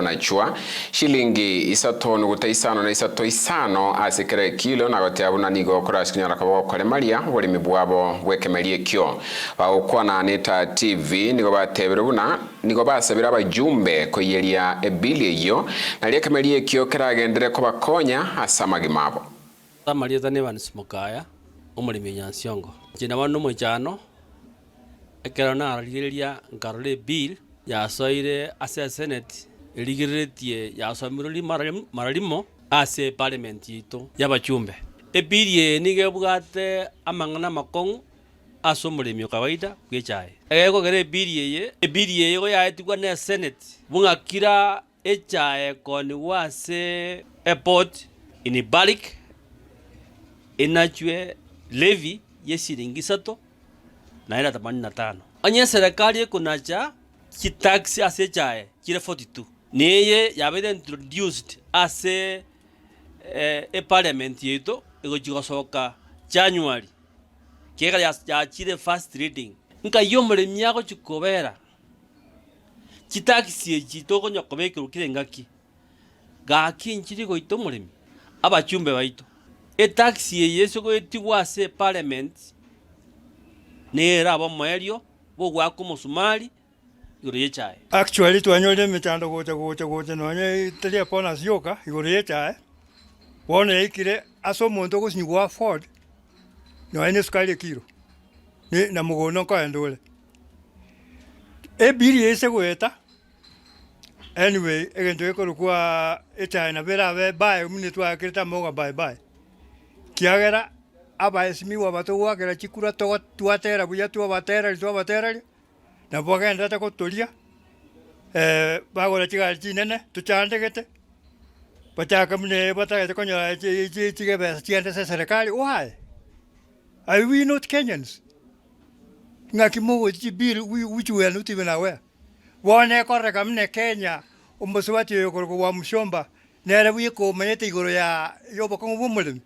kunachua shilingi isatonu gute isano na isato isano kilo asikira ekilo nagotiabuna nigo kurashikinyara kabo weke oboremi kio bwekemeria ekio na neta tv nigo batebire buna nigo ba ba sabira basabire abajumbe koiyeria ebili na eyo nari ekemeria ekio keragendere kobakonya ase amagima abo amarieta ne bansi mukaya omoremi nyansiongo wanu mojano, ekerona ekero nararigereria nkarora ya yasoire ase seneti, rigiritie yasomire mararimo ase parliament yitu yabachumbe ebirie nigebwate amang'ana makong'u ase omoremi okawaida bwa echae egekogera ebiri eye ebirie eye goyaetigwa na esenate bung'akira echae koniwa ase airport inibarik enachwe levi yesiringi isato naira themanini na tano onye eserekari ekonacha chitaxi ase echae chire 42 niye yabire introduced as a, eh, a parliament yetu igochigosoka January kega yachire first reading nka yo murimi agochikobera chitaxi echi togonya kobekerukire ngaki gaki nchiri goito murimi abachumbe baito etaxi eye ase goetigwa ase parliament nere abomoerio bogwaka omusumari igũrũ rĩa chai actually twanyore mĩtando gũte gũte gũte nonye tarĩa pona cioka igũrũ rĩa chai wona yaikire aso mũndũ gũcinyigwa afford nonye nĩ cukari kiro na mũgũnda kwa ndũre ebiri ese gweta anyway egento ekoro kwa echai na bera be bye mune twa kireta moga bye bye kiagera aba esimi wa batu wa kera chikura to twatera buya twa batera twa batera na bwagendete guturia eh bagora chigari chinene tuchandegete batakamune batagete konyora chige besa se serikali why are we not kenyans ng'aki mogochi bill wichuenu tibe nawe wone koreka mne kenya omosi watioyokorogo wa mushomba nere bwikumenyete igoro ya yobokong'u bwa omoremi